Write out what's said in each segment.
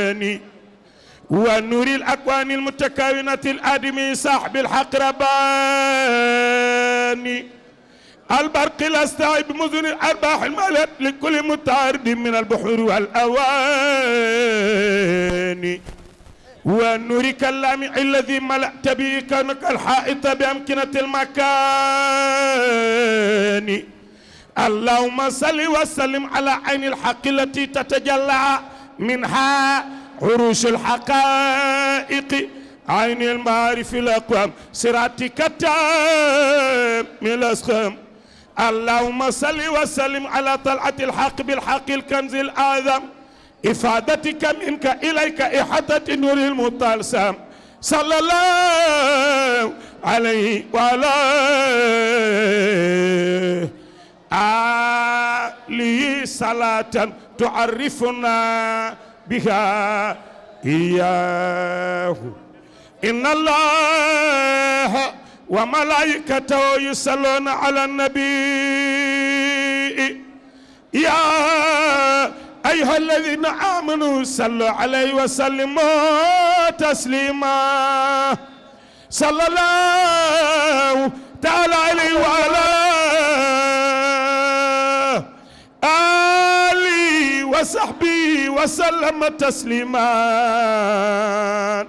الرحمن ونور الأكوان المتكونة الآدمي صاحب الحق رباني البرق الاستعب مذن الأرباح المالت لكل متعرض من البحور والأواني ونور كلامع الذي ملأت به كونك الحائط بأمكنة المكان اللهم صل وسلم على عين الحق التي تتجلى منها عروش الحقائق عين المعارف الأقوام صراطك التام الأسخام اللهم صل وسلم على طلعة الحق بالحق الكنز الآذم إفادتك منك إليك إحادة نور المطالسام صلى الله عليه وعلى آه به صلاة تعرفنا بها إياه إن الله وملائكته يصلون على النبي يا أيها الذين آمنوا صلوا عليه وسلموا تسليما صلى الله تعالى عليه وعلى wa sahbi wa sallama tasliman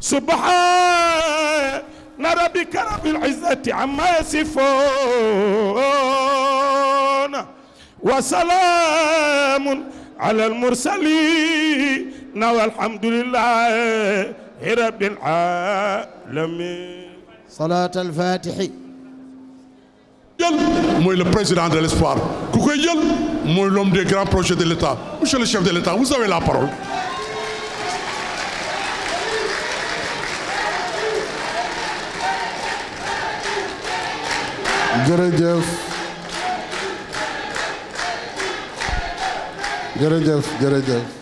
subhana rabbika rabbil izzati amma yasifun wa salamun ala al-mursalin walhamdulillahi rabbil alamin salat al-fatih jël mooy le président de l'espoir ku koy jël mooy l'homme des grands projets de l'État monsieur le chef de l'État vous avez la parole jërëjëf jërëjëf jërëjëf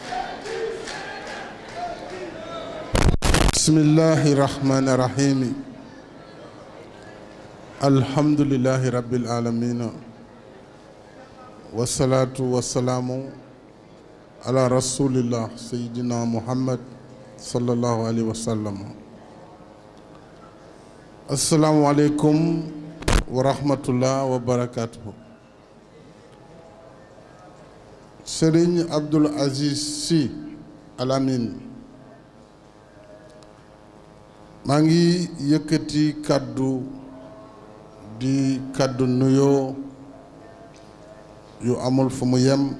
bismillahi rahmani rahimi alhamdulillahi rabbil alamina wasalaatu wasalaamu ala rasulillah sayidina muhammad sallallahu alayhi wa sallam asalaamualeykum wa rahmatullah wa barakatuhu Serigne Aziz Sy Al Amine maa ngi yëkkati kàddu di kàddu nuyoo yu amul fu mu yem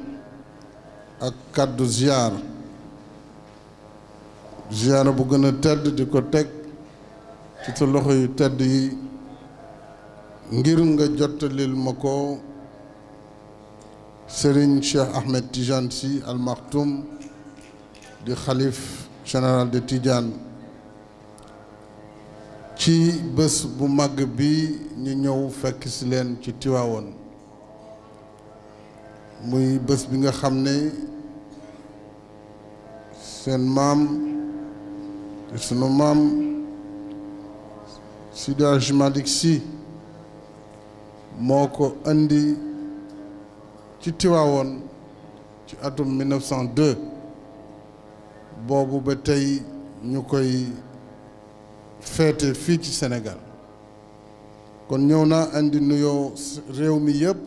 ak kàddu ziyaar ziyaara bu gën a tedd di ko teg ci sa loxo yu tedd yi ngir nga jottalil ma ko Serigne Cheikh Ahmed Tidiane Sy Al Maktoum di xalif general de Tidiane ci bés bu màgg bi ñu ñëw fekk si leen ci Tiwaawoon muy bés bi nga xam ne seen maam sunu maam Seydi Hadji Malick moo ko andi ci Tiwaawoon ci atum 1902 boobu ba tey ñu koy feete fii ci senegal kon ñëw naa andi nuyoo réew mi yépp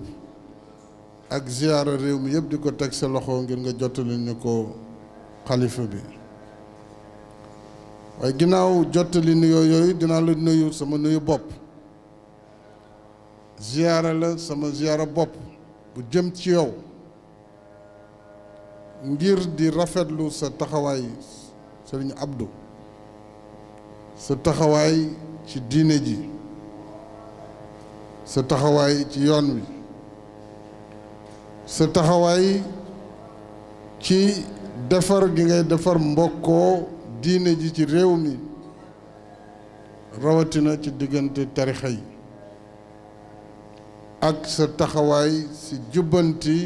ak ziyaara réew mi yëpp di ko teg sa loxo ngir nga jottali ñu ko xalifa bi waaye ginnaaw jottali nuyoo yooyu dinaa la nuyu sama nuyu bopp ziyaara la sama ziyaara bopp bu jëm ci yow ngir di rafetlu sa taxawaay sëriñ abdu sa taxawaay ci diine ji sa taxawaay ci yoon wi sa taxawaay ci defar gi ngay defar mbokkoo diine ji ci réew mi rawatina ci diggante tarixa yi ak sa taxawaay si jubbanti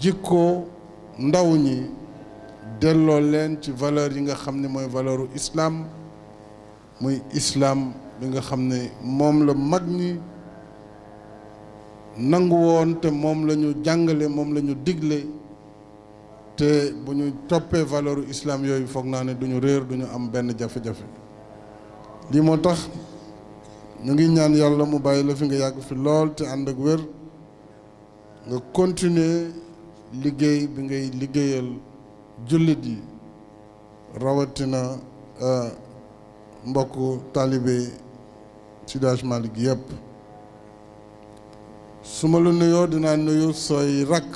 jikkoo ndaw ñi delloo leen ci valeur yi nga xam ni mooy valeuru islam muy islaam bi nga xam ne moom la mag ñi nangu woon te moom lañu jàngale moom lañu ñu digle te bu ñu toppee valeur islaam yooyu foog naa ne duñu réer duñu am benn jafe-jafe lii moo tax ñu ngi ñaan yàlla mu bàyyi la fi nga yàgg fi lool te ànd ak wér nga continuer liggéey bi ngay liggéeyal jullit yi rawatina euh, mbokku taalibe Seydi Hadji Malick yëpp su ma la nuyoo dinaa nuyu sooy rakk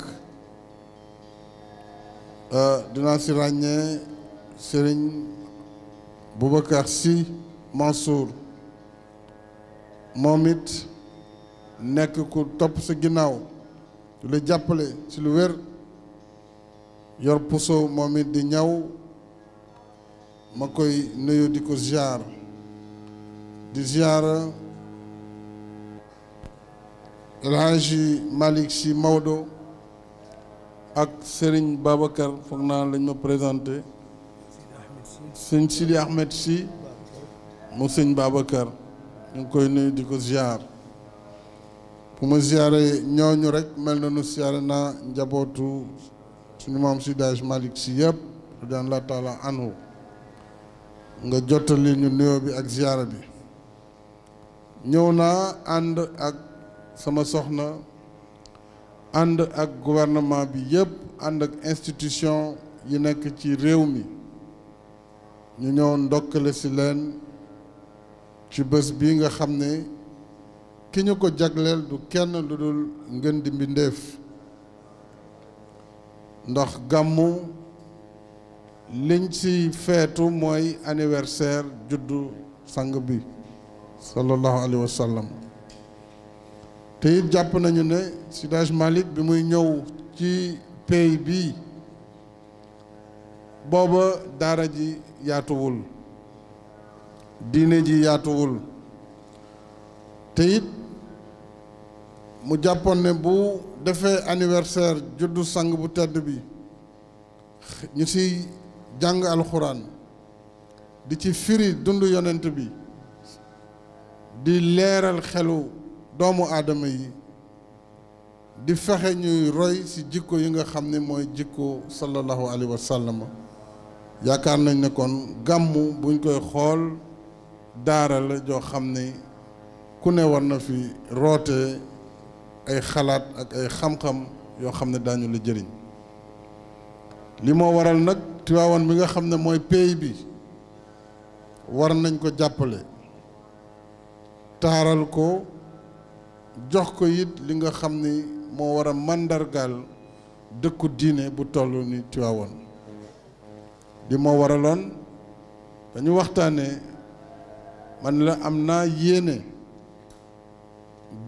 ah, dinaa si ràññee sëriñ Boubacar Sy Mansour moom it nekk ku topp sa ginnaaw di la jàppale ci lu wér yor puso moom it di ñaw ma koy nuyu di ko ziar di ziara El Hadji si Sy ak sëriñ Babacar foog naa lañ ma présenté sëñ Sidi Ahmed Sy mu sëñ Babacar ñu ngi koy nuyu di ko ziar bu ma ziare ñooñu rek mel na nu ziare naa njabootu suñu maam Seydi si Malick Sy yëpp radiyallaahu taala anhu nga jottali ñu nuyoo bi ak ziara bi ñëw naa ànd ak sama soxna ànd ak gouvernement bi yëpp ànd ak institusiyon yi nekk ci réew mi ñu ñëw ndokkale si leen ci bés bi nga xam ne ki ñu ko jagleel du kenn lu dul ngeen di mbindeef ndax gàmmu liñ ci feetu mooy anniversaire juddu sang bi sallallahu alayhi wa te it jàpp nañu ne Sidage Malick bi muy ñëw ci pays bi booba daara ji yaatuwul diine ji yaatuwul te it mu jàppoon ne bu defee anniversaire juddu sang bu tedd bi ñu ci jàng alxuraan di ci firi dund yonent bi di leeral xelu doomu aadama yi di fexe ñuy roy ci jikko yi nga xam ni mooy jikko sallallahu alayhi wa sallam yaakaar nañ ne kon gàmmu buñ koy xool daara joo xam ne ku ne war na fi roote ay xalaat ak ay xam-xam yoo xam ne daañu la jëriñ li moo waral nag Tiwaawan bi nga xam ne mooy pays bi war nañ ko jàppale taaral ko jox ko yit li nga xam ni moo war a màndargaal dëkku diine bu toll ni Tiwaawan di moo waraloon dañu waxtaanee man la am naa yéene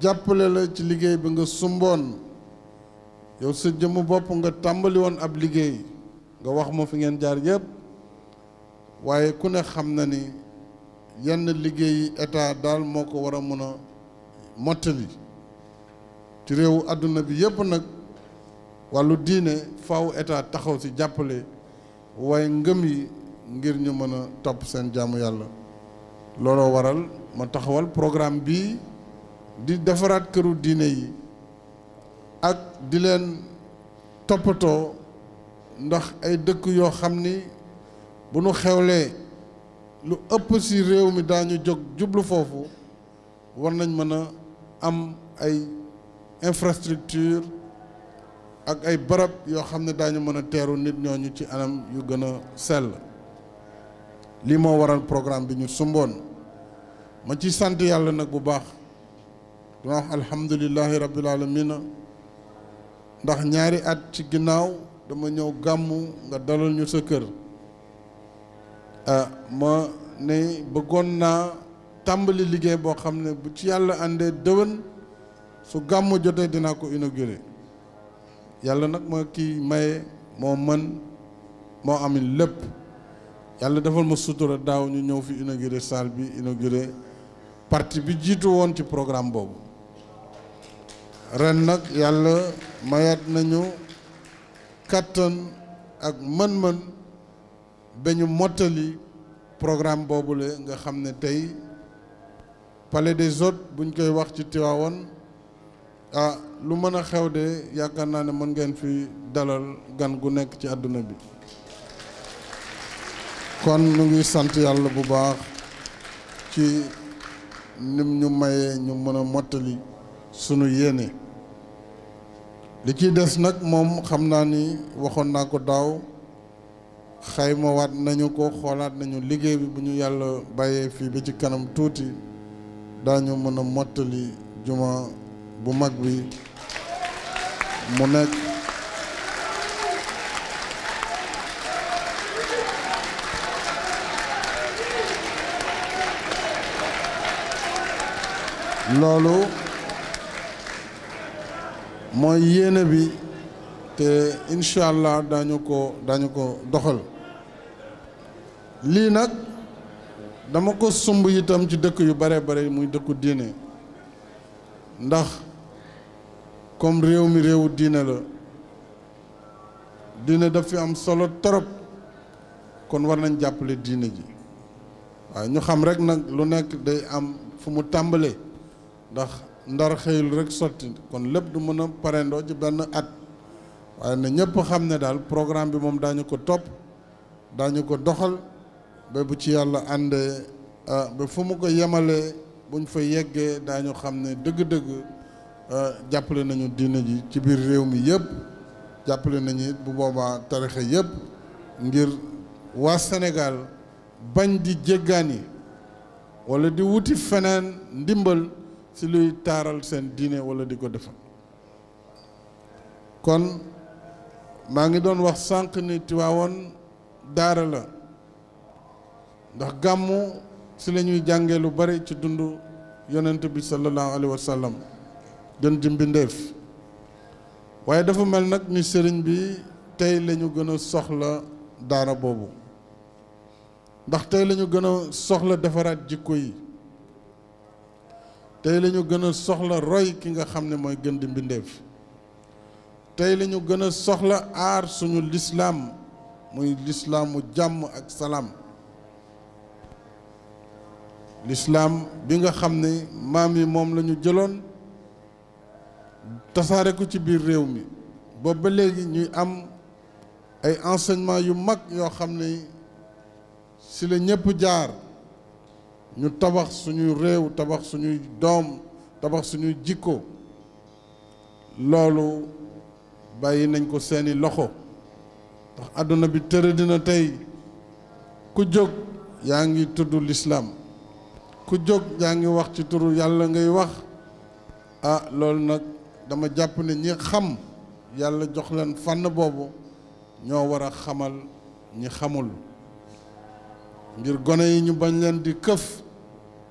jàppale la ci liggéey bi nga sumboon yow sa jëmm bopp nga tàmbali woon ab liggéey nga wax ma fi ngeen jaar yépp waaye ku ne xam na ni yenn liggéeyi état daal moo ko war a mën a mottali ci réewu àdduna bi yëpp nag wàllu diine faaw état taxaw ci jàppale waaye ngëm yi ngir ñu mën a topp seen jaamu yàlla looloo waral ma taxawal programme bii di defaraat këru diine yi ak di leen toppatoo ndax ay dëkk yoo xam ni bu nu xewlee lu ëpp ci réew mi daañu jog jublu foofu war nañ mën am ay infrastructure ak ay barab yoo xam ne daañu mën a teeru nit ñooñu ci anam yu gën a sell lii moo waral programme bi ñu sumboon ma ci sant yàlla nag bu baax dama wax alhamdulilahi rabbil alamina ndax ñaari at ci ginnaaw dama ñëw gàmmu nga dalal ñu sa kër ah, ma ne bëggoon naa tàmbali liggéey boo xam ne bu ci yàlla àndee dëwën su gàmmu jotee dinaa ko inauguré yàlla nag moo kii maye moo mën moo amin lépp yàlla defal ma sutura daaw ñu ñëw fi inauguré salle bi inauguré parti bi jiitu woon ci programme boobu ren nag yàlla mayaat nañu kattan ak mën-mën ba ñu mottali programme boobule nga xam ne tey palais des hôtes buñ koy wax ci tiwaawan ah lu mën a xew de yaakaar naa ne mën ngeen fi dalal gan gu nekk ci àdduna bi kon ñu ngi sant yàlla bu baax ci nim ñu mayee ñu mën a mottali sunu yéene li ciy des nag moom xam naa ni waxoon naa ko daaw xaymawaat nañu ko xoolaat nañu liggéey bi bu ñu yàlla bàyyee fii ba ci kanam tuuti daañu mën a mottali juma bu mag bi mu nekk loolu mooy yéene bi te incha allah daañu ko daañu ko doxal lii nag dama ko sumb itam ci dëkk yu bare bare muy dëkku diine ndax comme réew mi réewu diine la diine daf fi am solo torop kon war nañ jàppale diine ji waaye ñu xam rek nag lu nekk day am fu mu tàmbalee ndax ndar xëyul rek sotti kon lépp du mën a parendoo ci benn at waaye na ñëpp xam ne daal programme bi moom daañu ko topp daañu ko doxal ba bu ci yàlla àndee ah, ba fu mu ko yemalee buñ fa yeggee daañu xam ne dëgg-dëgg ah, jàppale nañu diine ji ci biir réew mi yëpp jàppale nañu bu boobaa tarixa yépp ngir waa senegal bañ di jéggaani wala di wuti feneen ndimbal ci luy taaral seen diine wala di ko defal kon maa ngi doon wax sànq ni Tiwaawoon daara la ndax gàmmu ci lañuy jànge lu bare ci dundu yonent bi sallallahu alayhi wa sallam gën ji mbindeef waaye dafa mel nag ni sëriñ bi tey lañu ñu gën a soxla daara boobu ndax tey la ñu gën a soxla defaraat jikko yi tey lañu ñu gën a soxla roy ki nga xam ne mooy gën di mbindeef tey lañu ñu gën a soxla aar suñu lislaam muy lislaamu jàmm ak salaam lislaam bi nga xam ne maam yi moom lañu jëloon tasaare ko ci biir réew mi boobu léegi ñuy am ay enseignement yu mag yoo xam ne si la ñëpp jaar ñu tabax suñuy réew tabax suñuy doom tabax suñuy jikko loolu bàyyi nañ ko seeni loxo ndax àdduna bi tëra dina tey ku jóg yaa ngi tudd lislaam ku jóg yaa ngi wax ci turu yàlla ngay wax ah loolu nag dama jàpp ne ñi xam yàlla jox leen fànn boobu ñoo war a xamal ñi xamul ngir gone yi ñu bañ leen di këf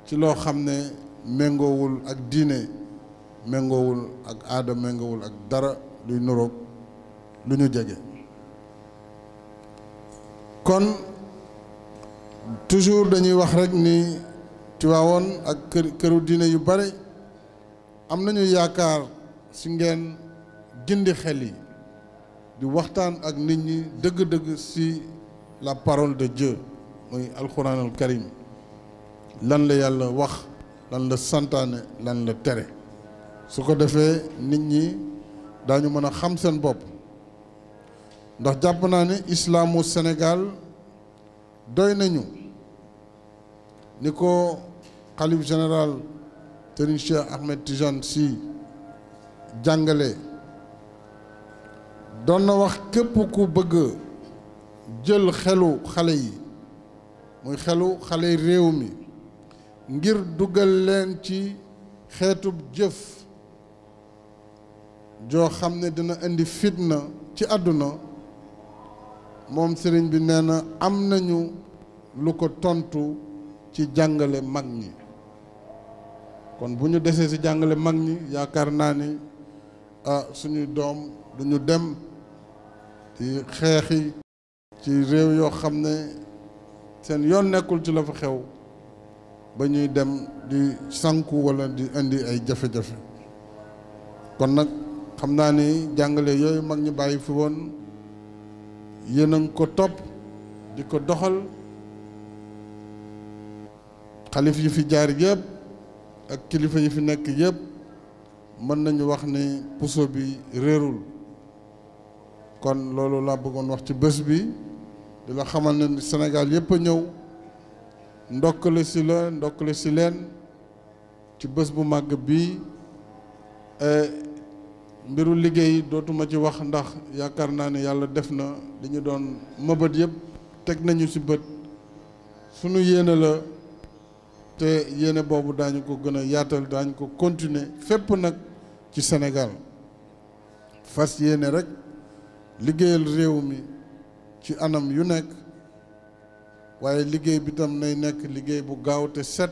ci loo xam ne méngoowul ak diine méngoowul ak aada méngoowul ak dara luy nuroog lu ñu jege kon toujours dañuy wax rekk ni Tiwaawoon ak kër këru diine yu bare am nañu yaakaar ci ngeen gindi xel yi di waxtaan ak nit ñi dëgg-dëgg si la parole de Dieu muy alxuraanul karim lan la yàlla wax lan la santaane lan la tere su ko defee nit ñi daañu mën a xam seen bopp ndax jàpp naa ne islaamu Sénégal doy nañu ni ko xalif général Serigne Cheikh Ahmed Tidiane Sy jàngale doon na wax képp ku bëgg jël xelu xale yi muy xelu xale réew mi ngir dugal leen ci xeetub jëf joo xam ne dina indi fitna ci àdduna moom sëriñ bi nee na am nañu lu ko tontu ci jàngale mag ñi kon bu ñu desee ci jàngale mag ñi yaakaar naa ni ah suñuy doom du dem ci xeexi ci réew yoo xam ne seen yoon nekkul ci la fa xew ba ñuy dem di sanku walla di indi ay jafe-jafe kon nag xam naa ni jàngale yooyu mag ñi bàyyi fi woon yéen a ngi ko topp di ko doxal xalif yi fi jaar yépp ak kilifa yi fi nekk yëpp mën nañu wax ni puso bi réerul kon loolu laa bëggoon wax ci bés bi di la xamal ne Sénégal yëpp a ñëw ndokkale si la ndokkale si leen ci bés bu màgg bii e, mbiru liggéey dootuma ci wax ndax yaakaar naa ne yàlla def na li ñu doon mëbët yëpp teg nañu si bët sunu yéene la te yéene boobu daañu ko gën a yaatal daañu ko continuer fépp nag ci Sénégal fas yéene rek liggéeyal réew mi ci anam yu nekk waaye liggéey bitam nay nekk liggéey bu gaaw te set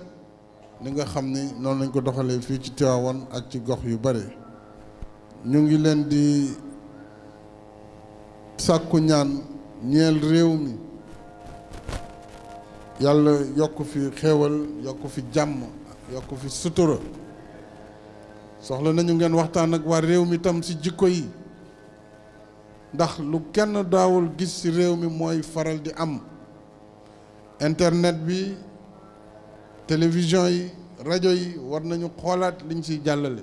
li nga xam ni noonu lañ ko doxalee fii ci Tivaouane ak ci gox yu bare ñu ngi leen di sàkku ñaan ñeel réew mi yàlla yokk fi xéewal yokk fi jàmm yokk fi sutura soxla nañu ngeen waxtaan ak waa réew mi tam ci jikko yi ndax lu kenn daawul gis ci réew mi mooy faral di am internet bi télévision yi rajo yi war nañu xoolaat liñ ciy jàllale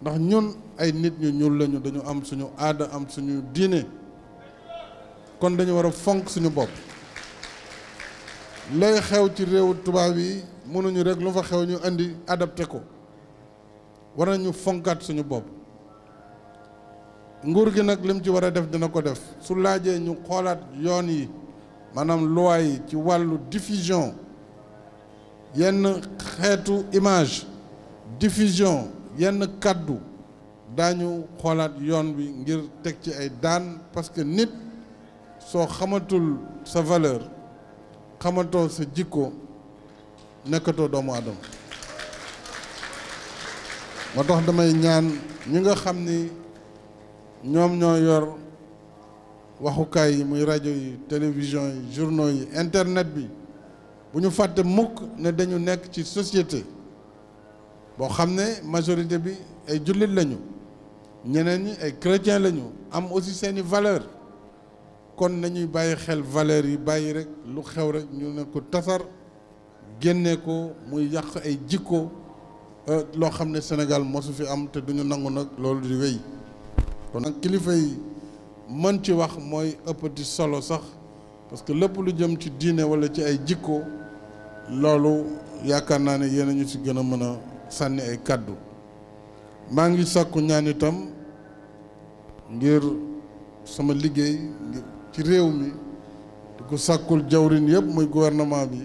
ndax ñun ay nit ñu ñuul lañu dañu am suñu aada am suñu diine kon dañu war fonk suñu bopp lay xew ci réewu tubaab yi mënuñu rek lu fa xew ñu indi adapté ko war nañu fonkat suñu bopp nguur gi nag lim ci war a def dina ko def su laajee ñu xoolaat yoon yi maanaam loi yi ci wàllu diffusion yenn xeetu image diffusion yenn kàddu daañu xoolaat yoon bi ngir teg ci ay daan parce que nit soo xamatul sa valeur xamantoo sa jikkoo nekkatoo doomu adama moo tax damay ñaan ñi nga xam ni ñoom ñoo yor waxukaay yi muy rajo yi télévision yi journaux yi internet bi bu ñu fàtte mukk ne dañu nekk ci société boo xam ne majorité bi ay jullit lañu ñeneen ñi ay chrétien lañu am aussi seeni valeur kon nañuy bàyyi xel valeur yi bàyyi rek lu xew rek ñu ne ko tasar génne ko muy yàq ay jikko euh, loo xam ne Sénégal mosu fi am te duñu nangu nag loolu di wéy kon nag kilifa yi mën ci wax mooy ëppati solo sax parce que lépp lu jëm ci diine walla ci ay jikko loolu yaakaar naa ne yéen ñu ci gën a mën a sànni ay kàddu maa ngi sàkku ñaan itam ngir sama liggéey ngir ci réew mi di ko sàkkul jawrin yépp muy gouvernement bi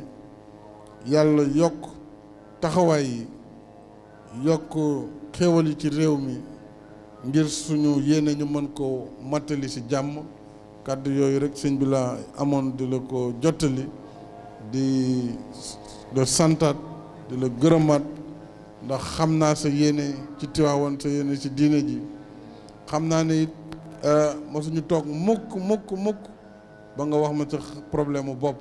yàlla yokk taxawaay yi yokk xéewal yi ci réew mi ngir suñu yéene ñu mën ko mattali ci jàmm kàddu yooyu rek sëñ bi laa amoon di la ko jottali di la santaat di la gërëmaat ndax xam naa sa yéene ci Tiwaawan sa yéene ci diine ji xam naa ne it Euh, mosuñu toog mukk mukk mukk ba nga wax ma tax problème mu bopp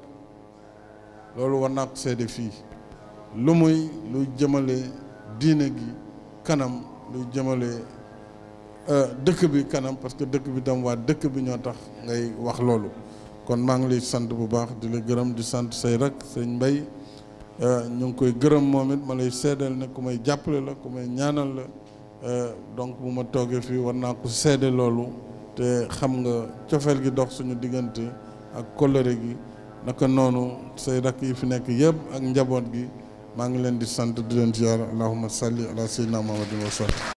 loolu war naa ko seede fii lu muy luy jëmale diine gi kanam luy jëmale euh, dëkk bi kanam parce que dëkk bi tam waa dëkk bi ñoo tax ngay wax loolu kon maa ngi lay sant bu baax di la gërëm di sant say rak sëñ Mbay euh, ñu ngi koy gërëm moom it ma lay seedal ne ku may jàppale la ku may ñaanal la Euh, donc bu ma toogee fii war naa ko seede loolu te xam nga cofeel gi dox suñu diggante ak kóllëre gi naka noonu say rakk yi fi nekk yëpp ak njaboot gi maa ngi leen di sant di leen ziar allahuma salli ala sayyidina muhammadin wa sallam